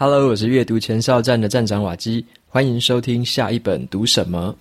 Hello，我是閱讀前哨站的站長瓦基，歡迎收聽下一本讀什麼。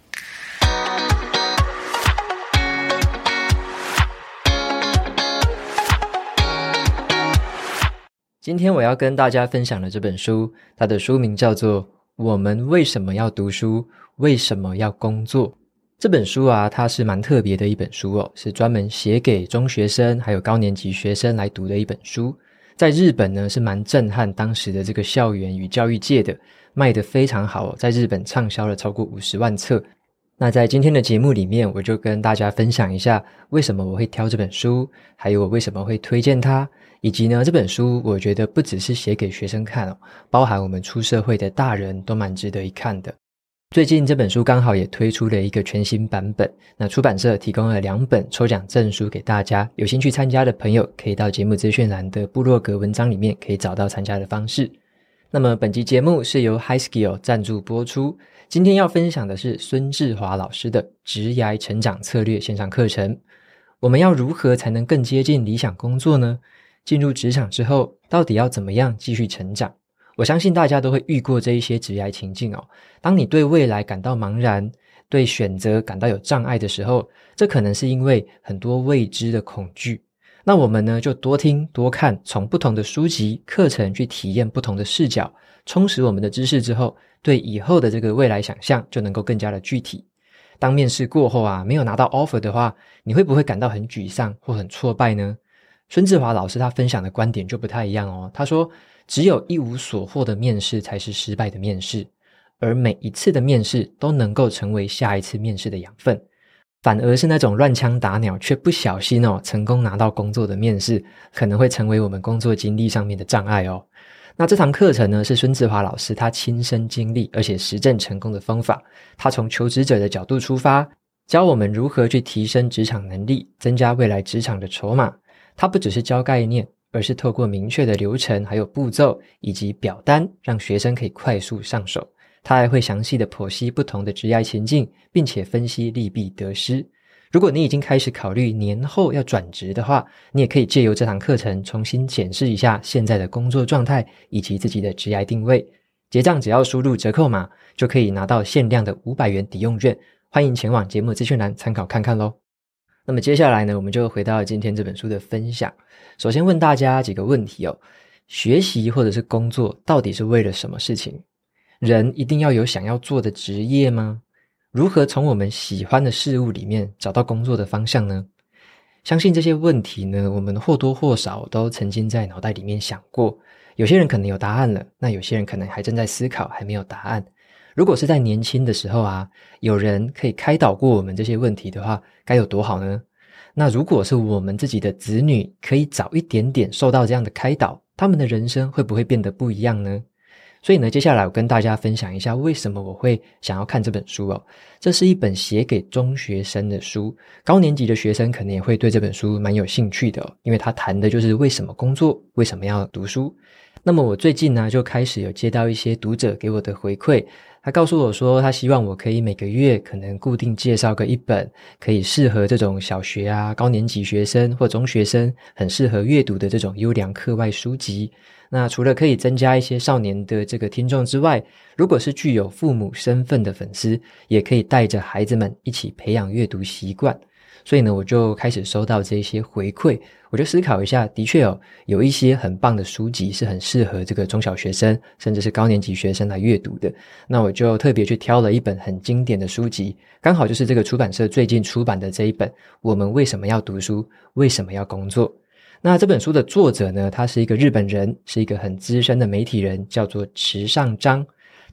今天我要跟大家分享的這本書，它的書名叫做《我們為什麼要讀書？為什麼要工作？》這本書啊，它是蠻特別的一本書哦，是專門寫給中學生還有高年級學生來讀的一本書。在日本呢，是蠻震撼當時的這個校園與教育界的，賣得非常好，在日本暢銷了超過五十萬冊。那在今天的節目裡面，我就跟大家分享一下為什麼我會挑這本書，還有我為什麼會推薦它，以及呢這本書我覺得不只是寫給學生看哦，包含我們出社會的大人都蠻值得一看的。最近這本書剛好也推出了一個全新版本，那出版社提供了兩本抽獎贈書給大家，有興趣參加的朋友可以到節目資訊欄的部落格文章裡面可以找到參加的方式。那麼本集節目是由 HiSKIO 贊助播出，今天要分享的是孫治華老師的職涯成長策略線上課程。我們要如何才能更接近理想工作呢？進入職場之後，到底要怎麼樣繼續成長？我相信大家都會遇過這一些職涯情境哦。當你對未來感到茫然，對選擇感到有障礙的時候，這可能是因為很多未知的恐懼。那我們呢，就多聽多看，從不同的書籍、課程去體驗不同的視角，充實我們的知識之後，對以後的這個未來想象就能夠更加的具體。當面試過後啊，沒有拿到 offer 的話，你會不會感到很沮喪或很挫敗呢？孫治華老師他分享的觀點就不太一樣哦，他說，只有一無所獲的面試才是失敗的面試，而每一次的面試都能夠成為下一次面試的養分。反而是那種亂槍打鳥卻不小心哦，成功拿到工作的面試，可能會成為我們工作經歷上面的障礙哦。那這堂課程呢，是孫治華老師他親身經歷而且實證成功的方法。他從求職者的角度出發，教我們如何去提升職場能力，增加未來職場的籌碼。他不只是教概念。而是透過明確的流程，還有步驟以及表單，讓學生可以快速上手。他還會詳細的剖析不同的職涯前景，並且分析利弊得失。如果你已經開始考慮年後要轉職的話，你也可以借由這堂課程重新檢視一下現在的工作狀態以及自己的職涯定位。結賬只要輸入折扣碼，就可以拿到限量的五百元抵用券。歡迎前往節目資訊欄參考看看嘍。那麼接下來呢，我們就回到了今天這本書的分享。首先問大家幾個問題哦：學習或者是工作到底是為了什麼事情？人一定要有想要做的職業嗎？如何從我們喜歡的事物裡面找到工作的方向呢？相信這些問題呢，我們或多或少都曾經在腦袋裡面想過。有些人可能有答案了，那有些人可能還正在思考，還沒有答案。如果是在年輕的時候啊，有人可以開導過我們這些問題的話，該有多好呢？那如果是我們自己的子女可以早一點點受到這樣的開導，他們的人生會不會變得不一樣呢？所以呢，接下來我跟大家分享一下為什麼我會想要看這本書哦。這是一本寫給中學生的書，高年級的學生可能也會對這本書蠻有興趣的哦，因為他談的就是為什麼工作，為什麼要讀書。那麼我最近呢啊，就開始有接到一些讀者給我的回饋。他告訴我說，他希望我可以每個月可能固定介紹個一本，可以適合這種小學啊、高年級學生或中學生很適合閱讀的這種優良課外書籍。那除了可以增加一些少年的這個聽眾之外，如果是具有父母身份的粉絲，也可以帶着孩子們一起培養閱讀習慣。所以呢，我就開始收到這些回饋，我就思考一下，的確哦，有一些很棒的書籍是很適合這個中小學生，甚至是高年級學生來閱讀的。那我就特別去挑了一本很經典的書籍，剛好就是這個出版社最近出版的這一本《我們為什麼要讀書？為什麼要工作？》。那這本書的作者呢，他是一個日本人，是一個很資深的媒體人，叫做池上彰。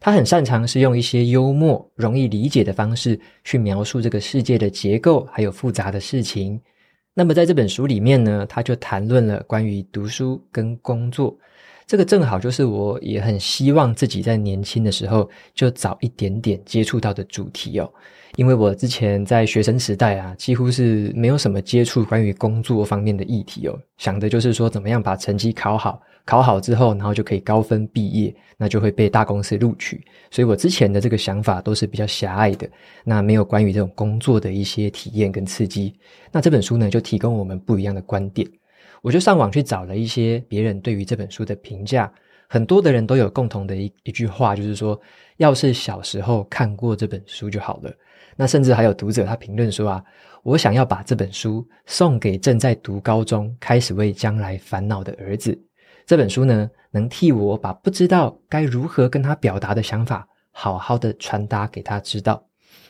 他很擅長是用一些幽默、容易理解的方式去描述這個世界的結構，還有複雜的事情。那麼在這本書裡面呢，他就談論了關於讀書跟工作。這個正好就是我也很希望自己在年輕的時候就早一點點接觸到的主題哦，因為我之前在學生時代啊，幾乎是沒有什麼接觸關於工作方面的議題哦，想的就是說怎麼樣把成績考好，考好之後，然後就可以高分畢業，那就會被大公司錄取。所以我之前的這個想法都是比較狹隘的，那沒有關於這種工作的一些體驗跟刺激。那這本書呢，就提供我們不一樣的觀點。我就上網去找了一些別人對於這本書的評價，很多的人都有共同的一一句話，就是說，要是小時候看過這本書就好了。那甚至還有讀者他評論說啊，我想要把這本書送給正在讀高中、開始為將來煩惱的兒子。這本書呢，能替我把不知道該如何跟他表達的想法，好好的傳達給他知道。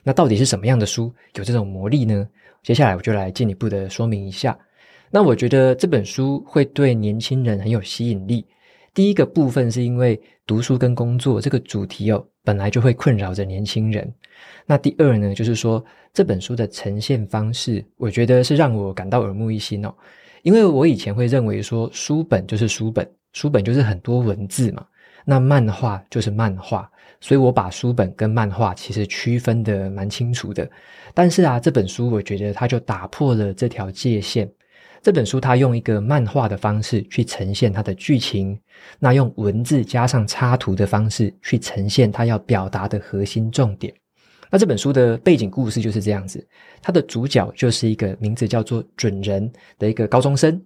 那到底是什麼樣的書，有這種魔力呢？接下來我就來進一步的說明一下。那我覺得這本書會對年輕人很有吸引力。第一個部分是因為讀書跟工作這個主題哦，本來就會困擾着年輕人。那第二呢，就是說這本書的呈現方式，我覺得是讓我感到耳目一新哦。因為我以前會認為說書本就是書本，書本就是很多文字嘛，那漫畫就是漫畫，所以我把書本跟漫畫其實區分得蠻清楚的。但是啊，這本書我覺得它就打破了這條界限。這本書他用一個漫畫的方式去呈現他的劇情，那用文字加上插圖的方式去呈現他要表達的核心重點。那這本書的背景故事就是這樣子，他的主角就是一個名字叫做准人的一個高中生。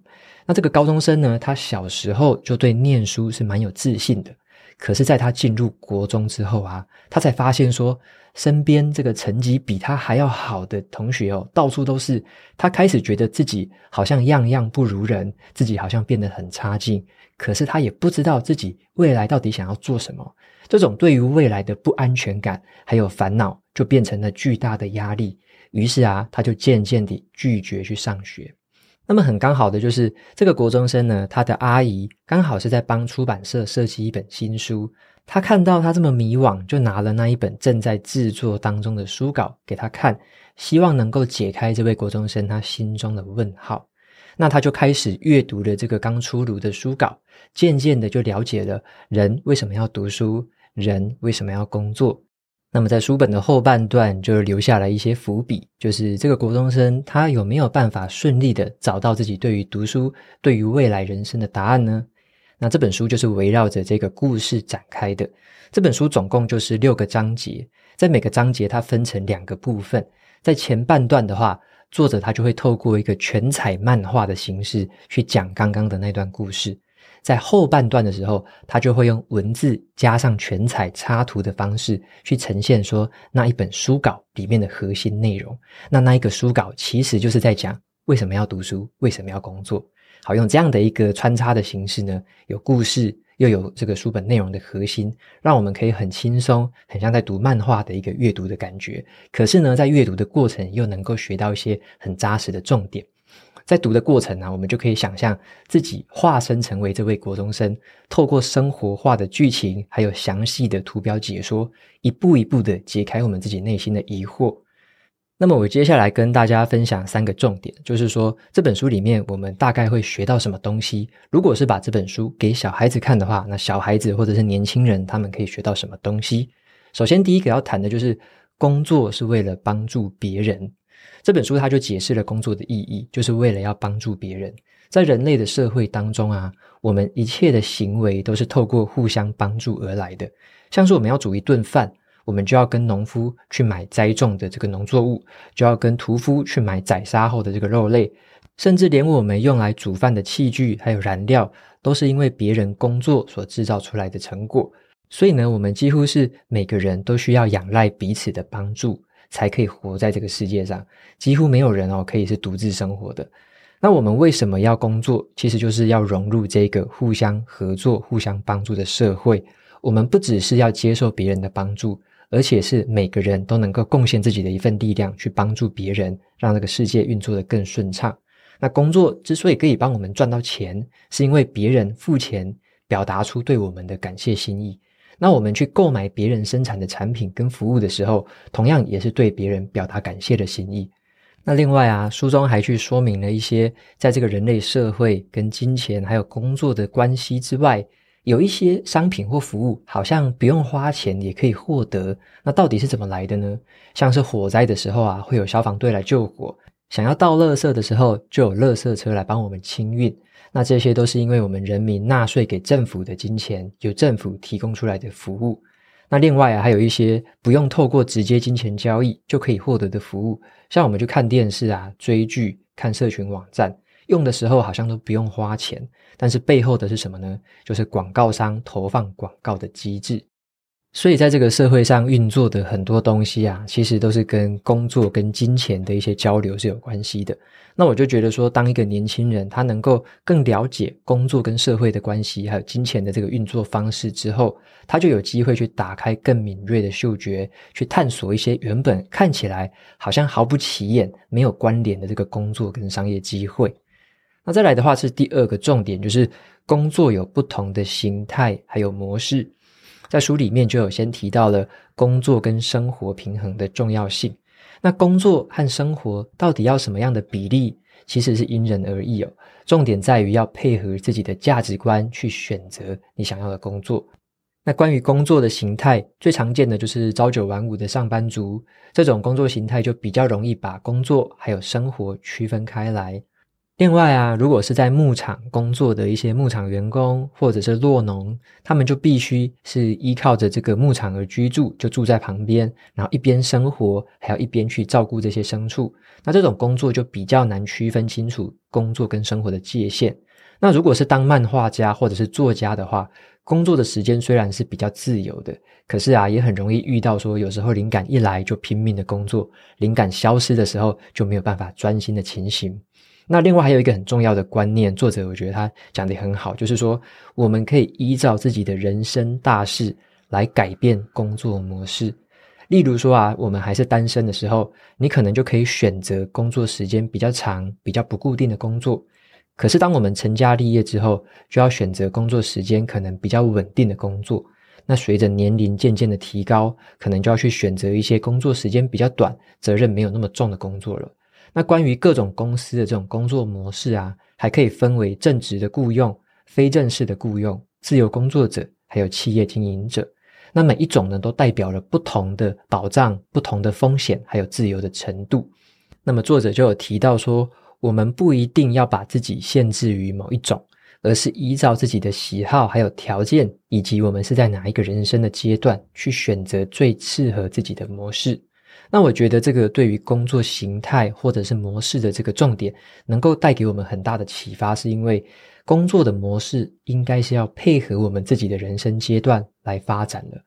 那這個高中生呢，他小時候就對念書是蠻有自信的，可是在他進入國中之後啊，他才發現說。身邊這個成績比他還要好的同學哦，到處都是。他開始覺得自己好像樣樣不如人，自己好像變得很差勁。可是他也不知道自己未來到底想要做什麼。這種對於未來的不安全感還有煩惱，就變成了巨大的壓力。於是啊，他就漸漸地拒絕去上學。那麼很剛好的就是這個國中生呢，他的阿姨剛好是在幫出版社設計一本新書。他看到他這麼迷惘，就拿了那一本正在制作當中的書稿給他看，希望能夠解開這位國中生他心中的問號。那他就開始閱讀了這個剛出爐的書稿，漸漸的就了解了人為什麼要讀書，人為什麼要工作。那麼在書本的後半段，就留下了一些伏筆，就是這個國中生他有沒有辦法順利的找到自己對於讀書、對於未來人生的答案呢？那這本書就是圍繞着這個故事展開的。這本書總共就是六個章節，在每個章節它分成兩個部分。在前半段的話，作者他就會透過一個全彩漫畫的形式去講剛剛的那段故事；在後半段的時候，他就會用文字加上全彩插圖的方式去呈現說那一本書稿裡面的核心內容。那那一個書稿其實就是在講為什麼要讀書，為什麼要工作。好，用這樣的一個穿插的形式呢，有故事，又有這個書本內容的核心，讓我們可以很輕鬆，很像在讀漫畫的一個閱讀的感覺。可是呢，在閱讀的過程又能夠學到一些很扎實的重點。在讀的過程呢、啊，我們就可以想象自己化身成為這位國中生，透過生活化的劇情，還有詳細的圖標解說，一步一步的解開我們自己內心的疑惑。那麼我接下來跟大家分享三個重點，就是說這本書裡面我們大概會學到什麼東西。如果是把這本書給小孩子看的話，那小孩子或者是年輕人他們可以學到什麼東西？首先第一個要談的就是工作是為了幫助別人。這本書它就解釋了工作的意義，就是為了要幫助別人。在人類的社會當中啊，我們一切的行為都是透過互相幫助而來的，像是我們要煮一頓飯。我們就要跟農夫去買栽種的這個農作物，就要跟屠夫去買宰殺後的這個肉類，甚至連我們用來煮飯的器具還有燃料，都是因為別人工作所制造出來的成果。所以呢，我們幾乎是每個人都需要仰賴彼此的幫助，才可以活在這個世界上。幾乎沒有人哦可以是獨自生活的。那我們為什麼要工作？其實就是要融入這個互相合作、互相幫助的社會。我們不只是要接受別人的幫助。而且是每個人都能夠貢獻自己的一份力量，去幫助別人，讓這個世界運作得更順暢。那工作之所以可以幫我們賺到錢，是因為別人付錢表達出對我們的感謝心意。那我們去購買別人生產的產品跟服務的時候，同樣也是對別人表達感謝的心意。那另外啊，書中還去說明了一些在這個人類社會跟金錢還有工作的關係之外。有一些商品或服務，好像不用花錢也可以獲得，那到底是怎麼來的呢？像是火災的時候啊，會有消防隊來救火；想要倒垃圾的時候，就有垃圾車來幫我們清運。那這些都是因為我們人民納稅給政府的金錢，由政府提供出來的服務。那另外啊，還有一些不用透過直接金錢交易就可以獲得的服務，像我們去看電視啊、追劇、看社群網站。用的時候好像都不用花錢，但是背後的是什麼呢？就是廣告商投放廣告的機制。所以在這個社會上運作的很多東西啊，其實都是跟工作跟金錢的一些交流是有關係的。那我就覺得說，當一個年輕人他能夠更了解工作跟社會的關係，還有金錢的這個運作方式之後，他就有機會去打開更敏銳的嗅覺，去探索一些原本看起來好像毫不起眼、沒有關聯的這個工作跟商業機會。那再來的話是第二個重點，就是工作有不同的形態還有模式，在書裡面就有先提到了工作跟生活平衡的重要性。那工作和生活到底要什麼樣的比例，其實是因人而異哦。重點在於要配合自己的價值觀去選擇你想要的工作。那關於工作的形態，最常見的就是朝九晚五的上班族，這種工作形態就比較容易把工作還有生活區分開來。另外啊，如果是在牧場工作的一些牧場員工或者是酪農，他們就必須是依靠着這個牧場而居住，就住在旁邊，然後一邊生活，還要一邊去照顧這些牲畜。那這種工作就比較難區分清楚工作跟生活的界限。那如果是當漫畫家或者是作家的話，工作的時間雖然是比較自由的，可是啊，也很容易遇到說有時候靈感一來就拼命的工作，靈感消失的時候就沒有辦法專心的情形。那另外還有一個很重要的觀念，作者我覺得他講得很好，就是說我們可以依照自己的人生大事來改變工作模式。例如說啊，我們還是單身的時候，你可能就可以選擇工作時間比較長、比較不固定的工作；可是當我們成家立業之後，就要選擇工作時間可能比較穩定的工作。那隨着年齡漸漸的提高，可能就要去選擇一些工作時間比較短、責任沒有那麼重的工作了。那關於各種公司的這種工作模式啊，還可以分為正職的僱傭、非正式的僱傭、自由工作者，還有企業經營者。那每一種呢，都代表了不同的保障、不同的風險，還有自由的程度。那麼作者就有提到說，我們不一定要把自己限制於某一種，而是依照自己的喜好、還有條件，以及我們是在哪一個人生的階段，去選擇最適合自己的模式。那我覺得這個對於工作形態或者是模式的這個重點，能夠帶給我們很大的啟發，是因為工作的模式應該是要配合我們自己的人生階段來發展的，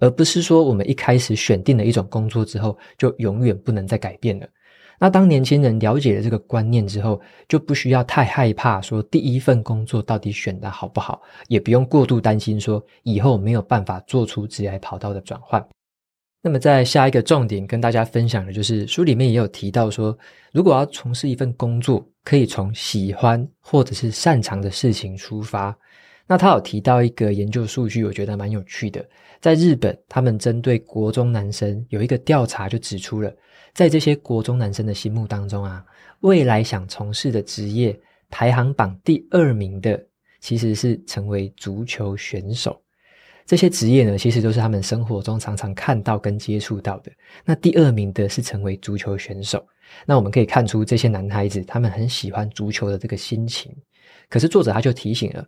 而不是說我們一開始選定了一種工作之後，就永遠不能再改變了。那當年輕人了解了這個觀念之後，就不需要太害怕說第一份工作到底選的好不好，也不用過度擔心說以後沒有辦法做出職業跑道的轉換。那麼，在下一個重點跟大家分享的就是書裡面也有提到說，如果要從事一份工作，可以從喜歡或者是擅長的事情出發。那他有提到一個研究數據，我覺得蠻有趣的。在日本，他們針對國中男生有一個調查，就指出了，在這些國中男生的心目當中啊，未來想從事的職業排行榜第二名的，其實是成為足球選手。這些職業呢，其實都是他們生活中常常看到跟接觸到的。那第二名的是成為足球選手。那我們可以看出這些男孩子，他們很喜歡足球的這個心情。可是作者他就提醒了，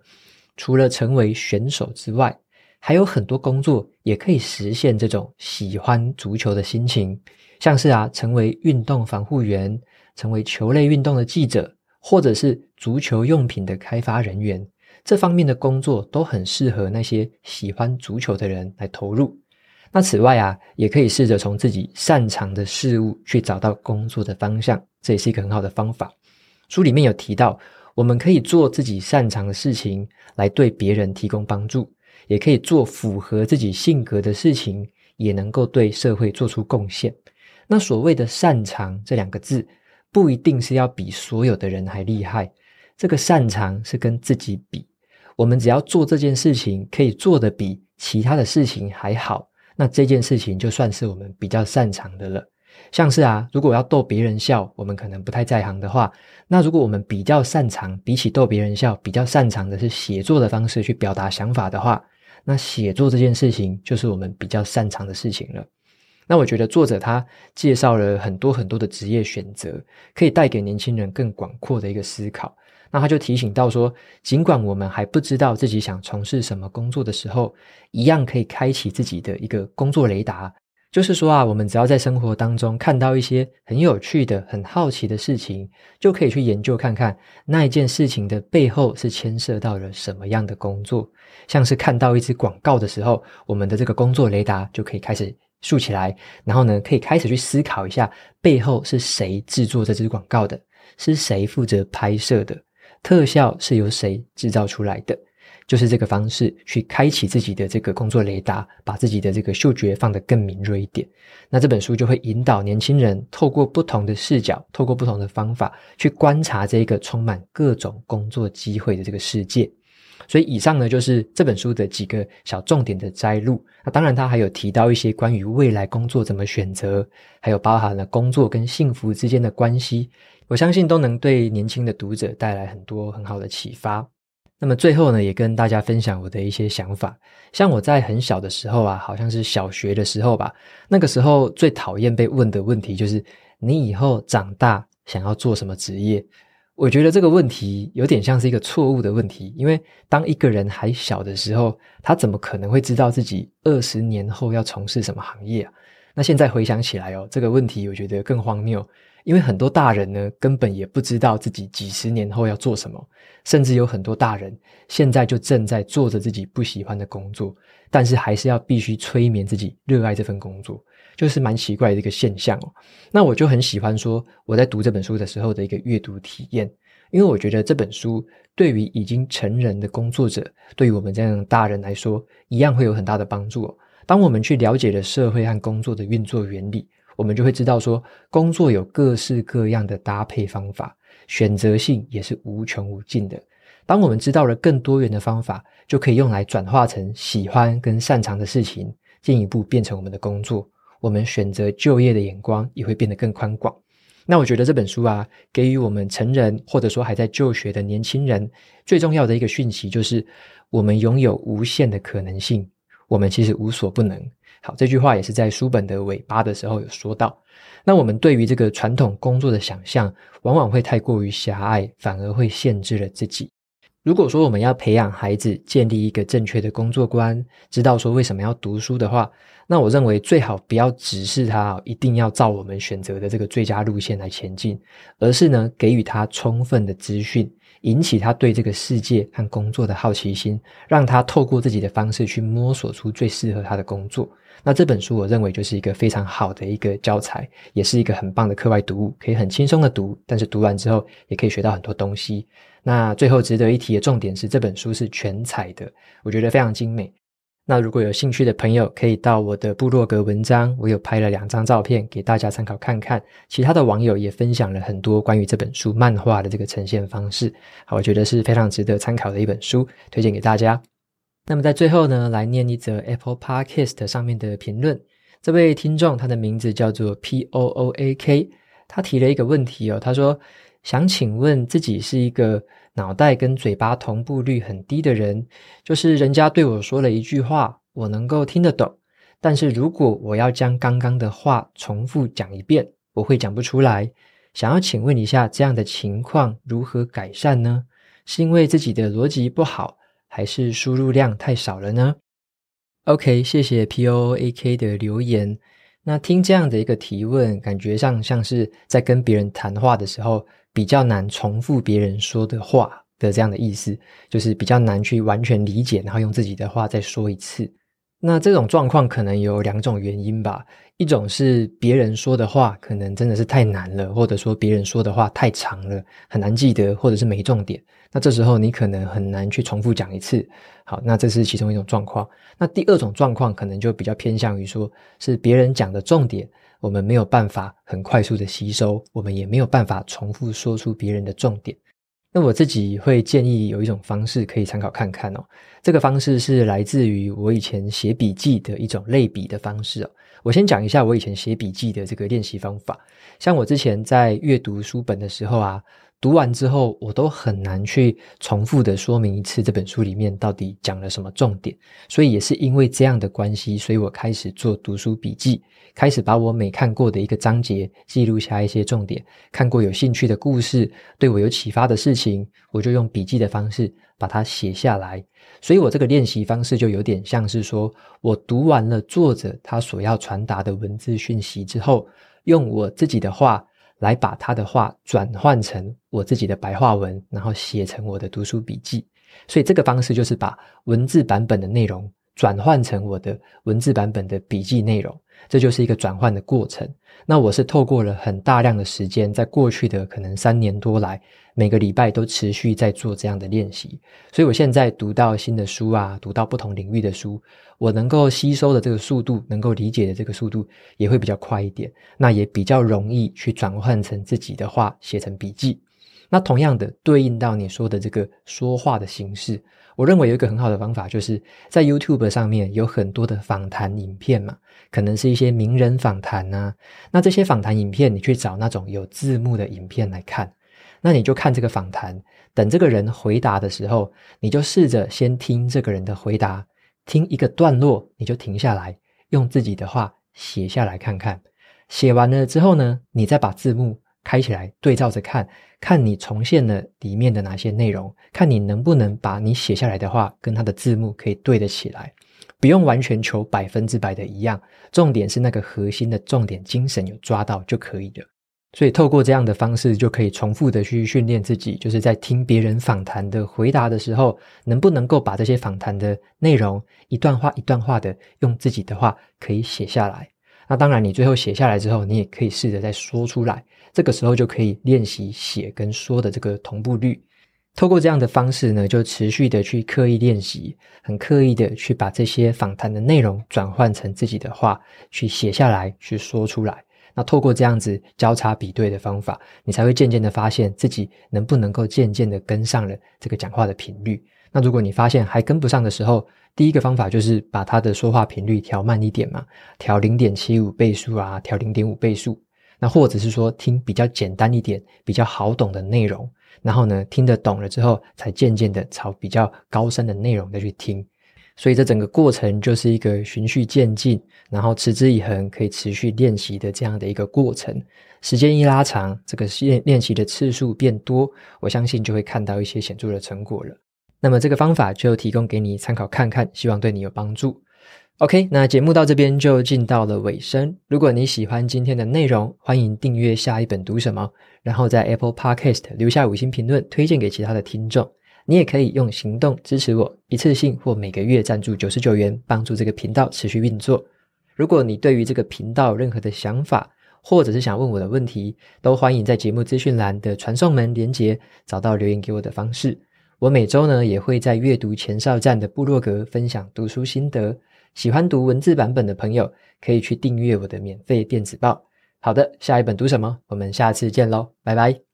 除了成為選手之外，還有很多工作也可以實現這種喜歡足球的心情。像是啊，成為運動防護員，成為球類運動的記者，或者是足球用品的開發人員。這方面的工作都很適合那些喜歡足球的人來投入。那此外啊，也可以試着從自己擅長的事物去找到工作的方向，這也是一個很好的方法。書裡面有提到，我們可以做自己擅長的事情來對別人提供幫助，也可以做符合自己性格的事情，也能夠對社會做出貢獻。那所謂的“擅長”這兩個字，不一定是要比所有的人還厲害，這個“擅長”是跟自己比。我們只要做這件事情，可以做得比其他的事情還好，那這件事情就算是我們比較擅長的了。像是啊，如果我要逗別人笑，我們可能不太在行的話，那如果我們比較擅長，比起逗別人笑，比較擅長的是寫作的方式去表達想法的話，那寫作這件事情就是我們比較擅長的事情了。那我覺得作者他介紹了很多很多的職業選擇，可以帶給年輕人更廣闊的一個思考。那他就提醒到說，儘管我們還不知道自己想從事什麼工作的時候，一樣可以開啟自己的一個工作雷達。就是說啊，我們只要在生活當中看到一些很有趣的、很好奇的事情，就可以去研究看看那一件事情的背後是牽涉到了什麼樣的工作。像是看到一支廣告的時候，我們的這個工作雷達就可以開始豎起來，然後呢，可以開始去思考一下背後是誰製作這支廣告的，是誰負責拍攝的。特效是由誰製造出來的？就是這個方式去開啟自己的這個工作雷達，把自己的這個嗅覺放得更敏銳一點。那這本書就會引導年輕人透過不同的視角，透過不同的方法去觀察這個充滿各種工作機會的這個世界。所以，以上呢就是這本書的幾個小重點的摘錄。那、啊、當然，他還有提到一些關於未來工作怎麼選擇，還有包含了工作跟幸福之間的關係。我相信都能對年輕的讀者帶來很多很好的啟發。那麼最後呢，也跟大家分享我的一些想法。像我在很小的時候啊，好像是小學的時候吧，那個時候最討厭被問的問題就是“你以後長大想要做什麼職業？”我覺得這個問題有點像是一個錯誤的問題，因為當一個人還小的時候，他怎麼可能會知道自己二十年後要從事什麼行業啊？那現在回想起來哦，這個問題我覺得更荒謬。因為很多大人呢，根本也不知道自己幾十年後要做什麼，甚至有很多大人現在就正在做着自己不喜歡的工作，但是還是要必須催眠自己熱愛這份工作，就是蠻奇怪的一個現象哦。那我就很喜歡說我在讀這本書的時候的一個閱讀體驗，因為我覺得這本書對於已經成人的工作者，對於我們這樣的大人來說，一樣會有很大的幫助哦。當我們去了解了社會和工作的運作原理，我們就會知道說，說工作有各式各樣的搭配方法，選擇性也是無窮無盡的。當我們知道了更多元的方法，就可以用來轉化成喜歡跟擅長的事情，進一步變成我們的工作。我們選擇就業的眼光也會變得更寬廣。那我覺得這本書啊，給予我們成人或者說還在就學的年輕人最重要的一個訊息，就是我們擁有無限的可能性，我們其實無所不能。好，這句話也是在書本的尾巴的時候有說到。那我們對於這個傳統工作的想象，往往會太過於狹隘，反而會限制了自己。如果說我們要培養孩子建立一個正確的工作觀，知道說為什麼要讀書的話，那我認為最好不要指示他一定要照我們選擇的這個最佳路線來前進，而是呢給予他充分的資訊。引起他對這個世界和工作的好奇心，讓他透過自己的方式去摸索出最適合他的工作。那這本書，我認為就是一個非常好的一個教材，也是一個很棒的課外讀物，可以很輕鬆的讀，但是讀完之後也可以學到很多東西。那最後值得一提的重點是，這本書是全彩的，我覺得非常精美。那如果有興趣的朋友，可以到我的部落格文章，我有拍了兩張照片給大家參考看看。其他的網友也分享了很多關於這本書漫畫的這個呈現方式，好，我覺得是非常值得參考的一本書，推薦給大家。那麼在最後呢，來念一則 Apple Podcast 上面的評論。這位聽眾他的名字叫做 P O O A K，他提了一個問題哦，他說想請問自己是一個。腦袋跟嘴巴同步率很低的人，就是人家對我說了一句話，我能夠聽得懂，但是如果我要將剛剛的話重複講一遍，我會講不出來。想要請問一下，這樣的情況如何改善呢？是因為自己的邏輯不好，還是輸入量太少了呢？OK，謝謝 POAK 的留言。那聽這樣的一個提問，感覺上像，像是在跟別人談話的時候。比較難重複別人說的話的這樣的意思，就是比較難去完全理解，然後用自己的話再說一次。那這種狀況可能有兩種原因吧，一種是別人說的話可能真的是太難了，或者說別人說的話太長了，很難記得，或者是沒重點。那這時候你可能很難去重複講一次。好，那這是其中一種狀況。那第二種狀況可能就比較偏向於說是別人講的重點。我們沒有辦法很快速的吸收，我們也沒有辦法重複說出別人的重點。那我自己會建議有一種方式可以參考看看哦。這個方式是來自於我以前寫筆記的一種類比的方式哦。我先講一下我以前寫筆記的這個練習方法。像我之前在閱讀書本的時候啊。讀完之後，我都很難去重複的說明一次這本書裡面到底講了什麼重點。所以也是因為這樣的關係，所以我開始做讀書筆記，開始把我每看過的一個章節記錄下一些重點。看過有興趣的故事，對我有啟發的事情，我就用筆記的方式把它寫下來。所以我這個練習方式就有點像是說，我讀完了作者他所要傳達的文字訊息之後，用我自己的話。來把他的話轉換成我自己的白話文，然後寫成我的讀書筆記。所以這個方式就是把文字版本的內容。轉換成我的文字版本的筆記內容，這就是一個轉換的過程。那我是透過了很大量的時間，在過去的可能三年多來，每個禮拜都持續在做這樣的練習。所以我現在讀到新的書啊，讀到不同領域的書，我能夠吸收的這個速度，能夠理解的這個速度也會比較快一點，那也比較容易去轉換成自己的話，寫成筆記。那同樣的對應到你說的這個說話的形式，我認為有一個很好的方法，就是在 YouTube 上面有很多的訪談影片嘛，可能是一些名人訪談啊。那這些訪談影片，你去找那種有字幕的影片來看。那你就看這個訪談，等這個人回答的時候，你就試着先聽這個人的回答，聽一個段落，你就停下來，用自己的話寫下來看看。寫完了之後呢，你再把字幕，開起來，對照着看看你重現了裡面的哪些內容，看你能不能把你寫下來的話跟它的字幕可以對得起來，不用完全求百分之百的一樣，重點是那個核心的重點精神有抓到就可以了。所以透過這樣的方式，就可以重複的去訓練自己，就是在聽別人訪談的回答的時候，能不能夠把這些訪談的內容一段話一段話的用自己的話可以寫下來。那當然，你最後寫下來之後，你也可以試着再說出來。這個時候就可以練習寫跟說的這個同步率，透過這樣的方式呢，就持續的去刻意練習，很刻意的去把這些訪談的內容轉換成自己的話，去寫下來，去說出來。那透過這樣子交叉比對的方法，你才會漸漸的發現自己能不能夠漸漸的跟上了這個講話的頻率。那如果你發現還跟不上的時候，第一個方法就是把他的說話頻率調慢一點嘛，調零點七五倍速啊，調零點五倍速。那或者是說聽比較簡單一點、比較好懂的內容，然後呢，聽得懂了之後，才漸漸的朝比較高深的內容再去聽。所以這整個過程就是一個循序漸進，然後持之以恆，可以持續練習的這樣的一個過程。時間一拉長，這個練練習的次數變多，我相信就會看到一些顯著的成果了。那麼這個方法就提供給你參考看看，希望對你有幫助。OK，那節目到這邊就進到了尾聲。如果你喜歡今天的內容，歡迎訂閱下一本讀什麼，然後在 Apple Podcast 留下五星評論，推薦給其他的聽眾。你也可以用行動支持我，一次性或每個月贊助九十九元，幫助這個頻道持續運作。如果你對於這個頻道任何的想法，或者是想問我的問題，都歡迎在節目資訊欄的傳送門連結，找到留言給我的方式。我每周呢也會在閱讀前哨站的部落格分享讀書心得。喜歡讀文字版本的朋友，可以去訂閱我的免費電子報。好的，下一本讀什麼，我們下次見嘍，拜拜。